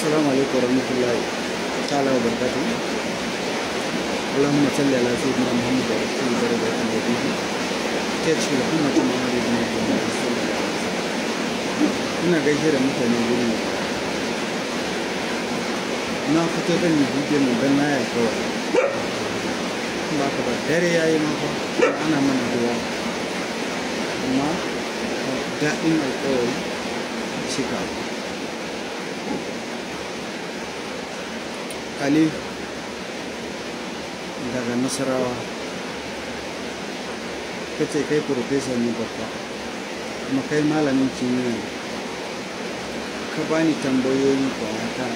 السلام عليكم ورحمة الله تعالى وبركاته اللهم صل على سيدنا محمد وعلى درجات نبيه تشفي لكم محمد بن عبد الله ina gaishe da mutane gurin na fito kan yi bidiyon mu don naya kawai ba ka ba yi mafa ana mana duwa amma daɗin alkawari cika ali daga nasarawa ka ce kai profesa ne babba kuma kai malamin kimiyya ka bani tambayoyi kwanata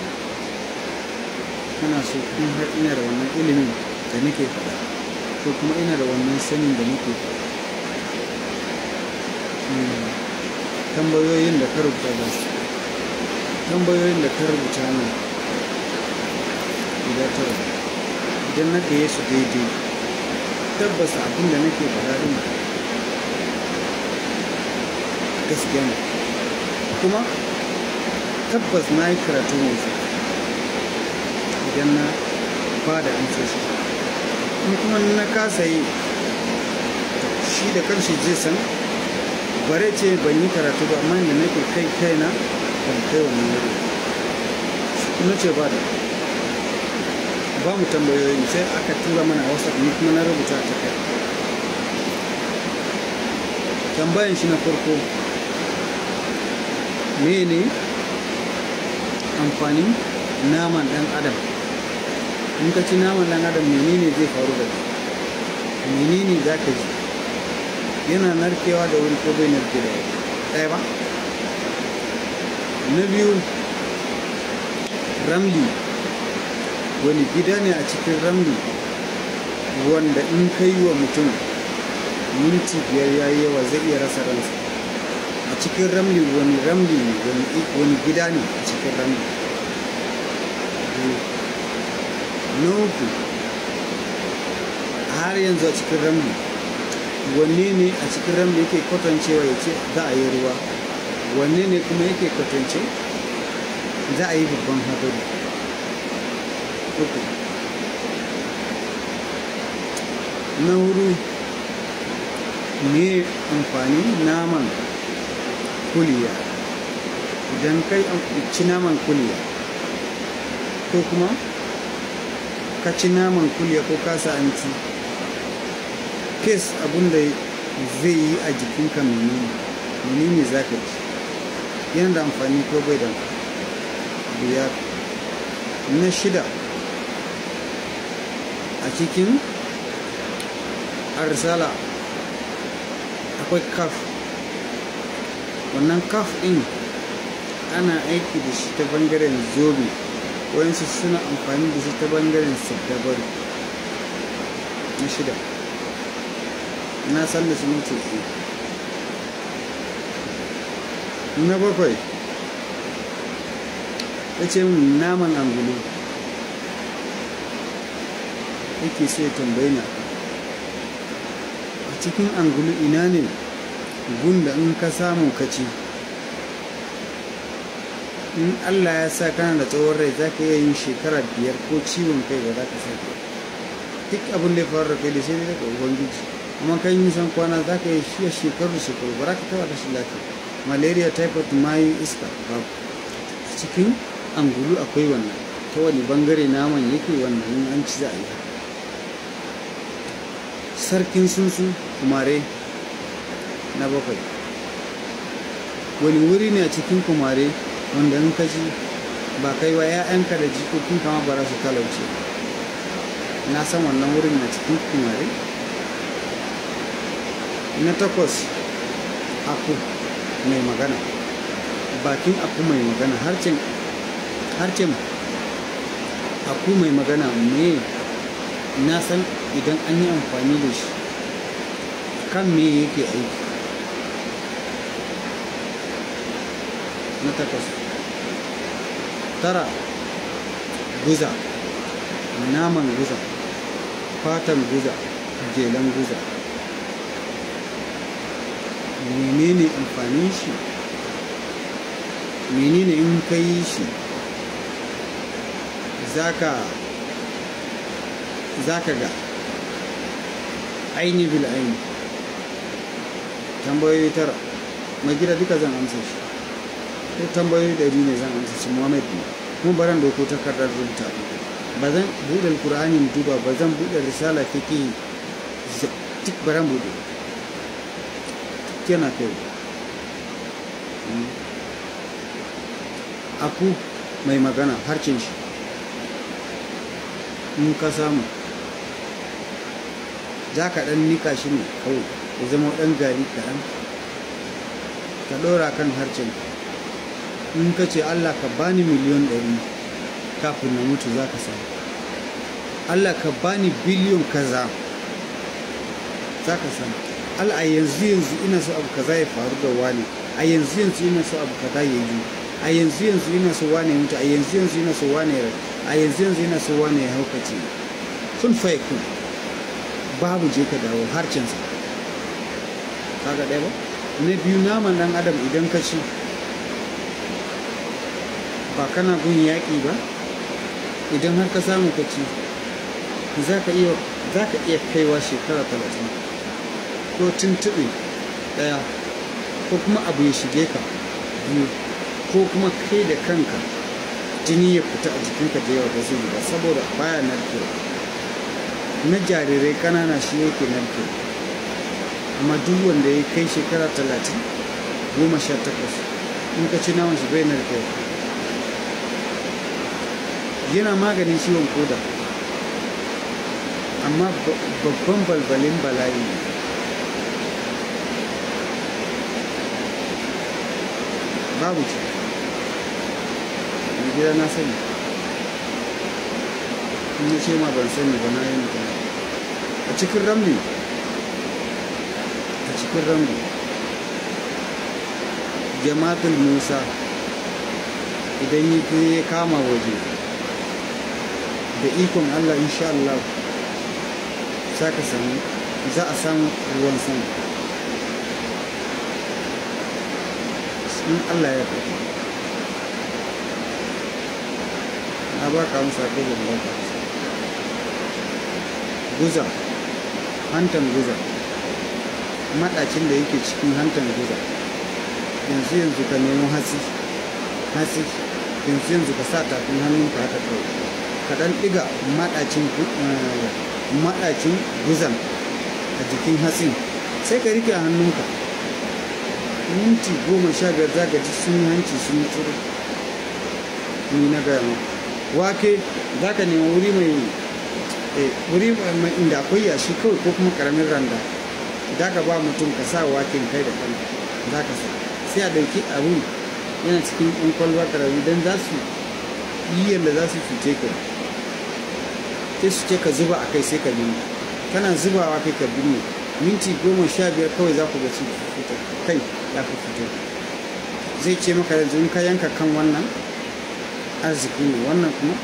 kana so in har ina da wannan ilimin da nake faɗa ko kuma ina da wannan sanin da nake faɗa hmm, tambayoyin da ka rubuta ba tambayoyin da ka rubuta ne idatar idan na gaye su daidai tabbas abin da nake faɗa ɗin gaske ne kuma tabbas na yi karatu mai su idan na ba da amsoshi in kuma na kasa yi shi da kanshi je san bare ce ban yi karatu ba amma da nake kai kaina ban kai wannan wuri kuma ce ba da ba mu tambayoyin sai aka tura mana wasu ni kuma na rubuta ta kai tambayan shi na farko mene amfani naman dan adam in ka ci naman dan adam menene zai faru da menene za ka ji yana narkewa da wuri ko bai narke da ba na biyu ramli wani gida ne a cikin ramni wanda in ka yi wa mutum minti biyar ya yi yawa zai iya rasa ransa a cikin ramli wani ramli ne wani gida ne a cikin ramli na har yanzu a cikin ramli wanne ne a cikin ramli yake kwatancewa ya ce za a yi ruwa wanne ne kuma yake kwatance za a yi babban hadari na wuri ne amfani naman kuliya idan kai ci naman kuliya ko kuma ka ci naman kuliya ko kasa an ci kes abinda zai yi a jikinka menene ne za ka ci yana da amfani ko bai da biyar na shida a cikin arsala akwai kaf wannan kaf ɗin ana aiki da shi ta bangaren zobe wayansu suna amfani da shi ta bangaren sadabar na shida na san da su mutu na bakwai ya ce naman angulu yake sai ya tambaye ni a cikin angulu ina ne gun in ka samu ka ci in allah ya sa kana da tsawon rai za ka iya yin shekara biyar ko ciwon kai ba za ka sake duk abin da ya faru da kai da sai daga ubangiji amma kan yi san kwana za ka iya shiya shekaru shekaru ba za ka taba rashin lafiya malaria typhoid mayu iska babu cikin angulu akwai wannan ta wani bangare naman yake wannan in an ci za a yi haka sarkin sunsun kumare na bakwai wani wuri ne a cikin kumare wanda in ka ji ba kai wa 'ya'yanka da jikokin kama ba su talauce na san wannan wurin na cikin kumare na takwas aku mai magana bakin aku mai magana harcin aku mai magana mai na san idan an yi amfani da shi kan me yake aiki na takwas tara guza naman guza fatan guza jelan guza menene amfanin shi menene in ka yi shi za ka ga aini bil aini tambayoyi tara mai gida duka zan amsa shi ko tambayoyi ɗari ne zan amsa shi muhammad ne kuma baran doko takardar rubuta ba zan buɗe alkur'ani duba ba zan buɗe risala fiƙi tik baran buɗe yana kai hmm. aku mai magana harcin shi mun ka samu za ka ɗan nika shi ne kawai ya zama ɗan gari kaɗan ka ɗora kan harcin in ka ce allah ka bani miliyon ɗari kafin na mutu za ka samu allah ka bani biliyon kaza za ka samu allah a yanzu yanzu ina so abu kaza ya faru da wani a yanzu yanzu ina so abu kaza ya yi a yanzu yanzu ina so wani ya mutu a yanzu yanzu ina so wani ya a yanzu yanzu ina so wani ya haukace sun faikun babu je ka dawo harcinsa kaga ɗaya ba na biyu naman ɗan adam idan ka ci ba kana gun yaki ba idan har ka samu ka ci za ka iya kaiwa shekara talatin ko tuntuɓe ɗaya ko kuma abu ya shige ka biyu ko kuma kai da kanka jini ya fita a jikinka da yawa da ba saboda baya narkewa na jarirai kanana shi yake narke amma duk wanda ya kai shekara talatin goma sha takwas in ka ci naman shi bai narke yana maganin ciwon koda amma babban balbalin bala'i ne babu ce gida na sani in ya ce ma ban sani ba na yi mutane a cikin ramli a cikin ramli jama'atul musa idan yi ya kama waje da ikon allah insha allah za ka samu za a samu ruwan sama in allah ya fi na ba ka amsa kai da guza hantan guza maɗacin da yake cikin hantan guza yanzu yanzu ka nemo hatsi hatsi yanzu yanzu ka sa tafin hannunka haka kawai ka ɗan ɗiga eh, maɗacin guzan a jikin hatsin sai ka rike hannunka minti goma sha biyar za ka ji sun yi hanci sun yi tsiri ni na gaya wake za ka nemi wuri mai Eh, wuri inda akwai yashi kawai ko kuma karamin randa da ka ba mutum ka sa waken kai da kanka za ka sa sai a ɗauki abun yana cikin ɗan kwalba karami don za su yi yadda za su cuce ka sai su ce ka zuba a kai sai ka binne kana zubawa kai ka binne minti goma sha biyar kawai za ku ga su kai ya ku fito zai ce maka yanzu in ka yanka kan wannan arzikin ne wannan kuma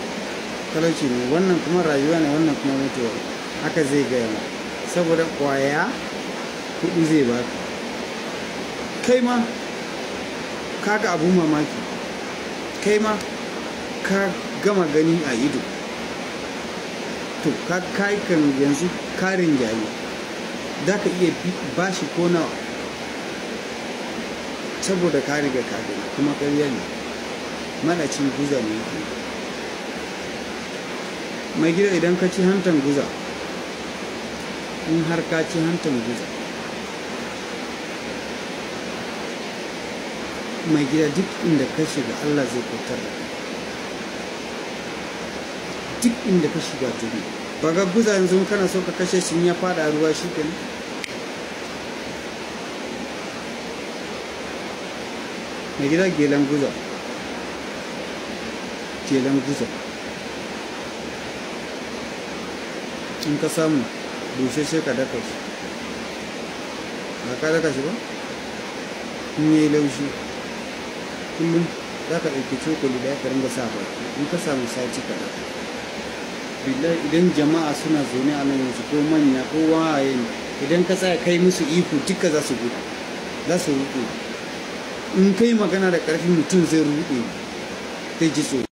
talauci ne wannan kuma rayuwa ne wannan kuma mutuwa haka zai gaya ma saboda kwaya kudi zai ba kai ma ka ga abun mamaki kai ma ka gama gani a ido to ka kai kan yanzu karin jayi za ka iya bashi ko nawa saboda ka riga ka gani kuma karya ne malacin guza ne yake mai gida idan ka ci hantan guza in har ka ci hantan guza mai gida duk inda ka shiga allah zai kwatar da duk inda ka shiga tuni ba ga guza yanzu kana so ka kashe shi ya fada ruwa shi kenan mai gida gelan guza gelan guza in ka samu bushashe ka daka shi ba ka daka shi ba in yi laushi kullum za ka ɗauki cokali da ka ringa sa baki in ka samu sati ka daka billahi idan jama'a suna zaune a nan yanzu ko manya ko waye idan ka tsaya kai musu iko duka za su gudu za su ruɗe in kai magana da ƙarfin mutum zai ruɗe zai ji tsoro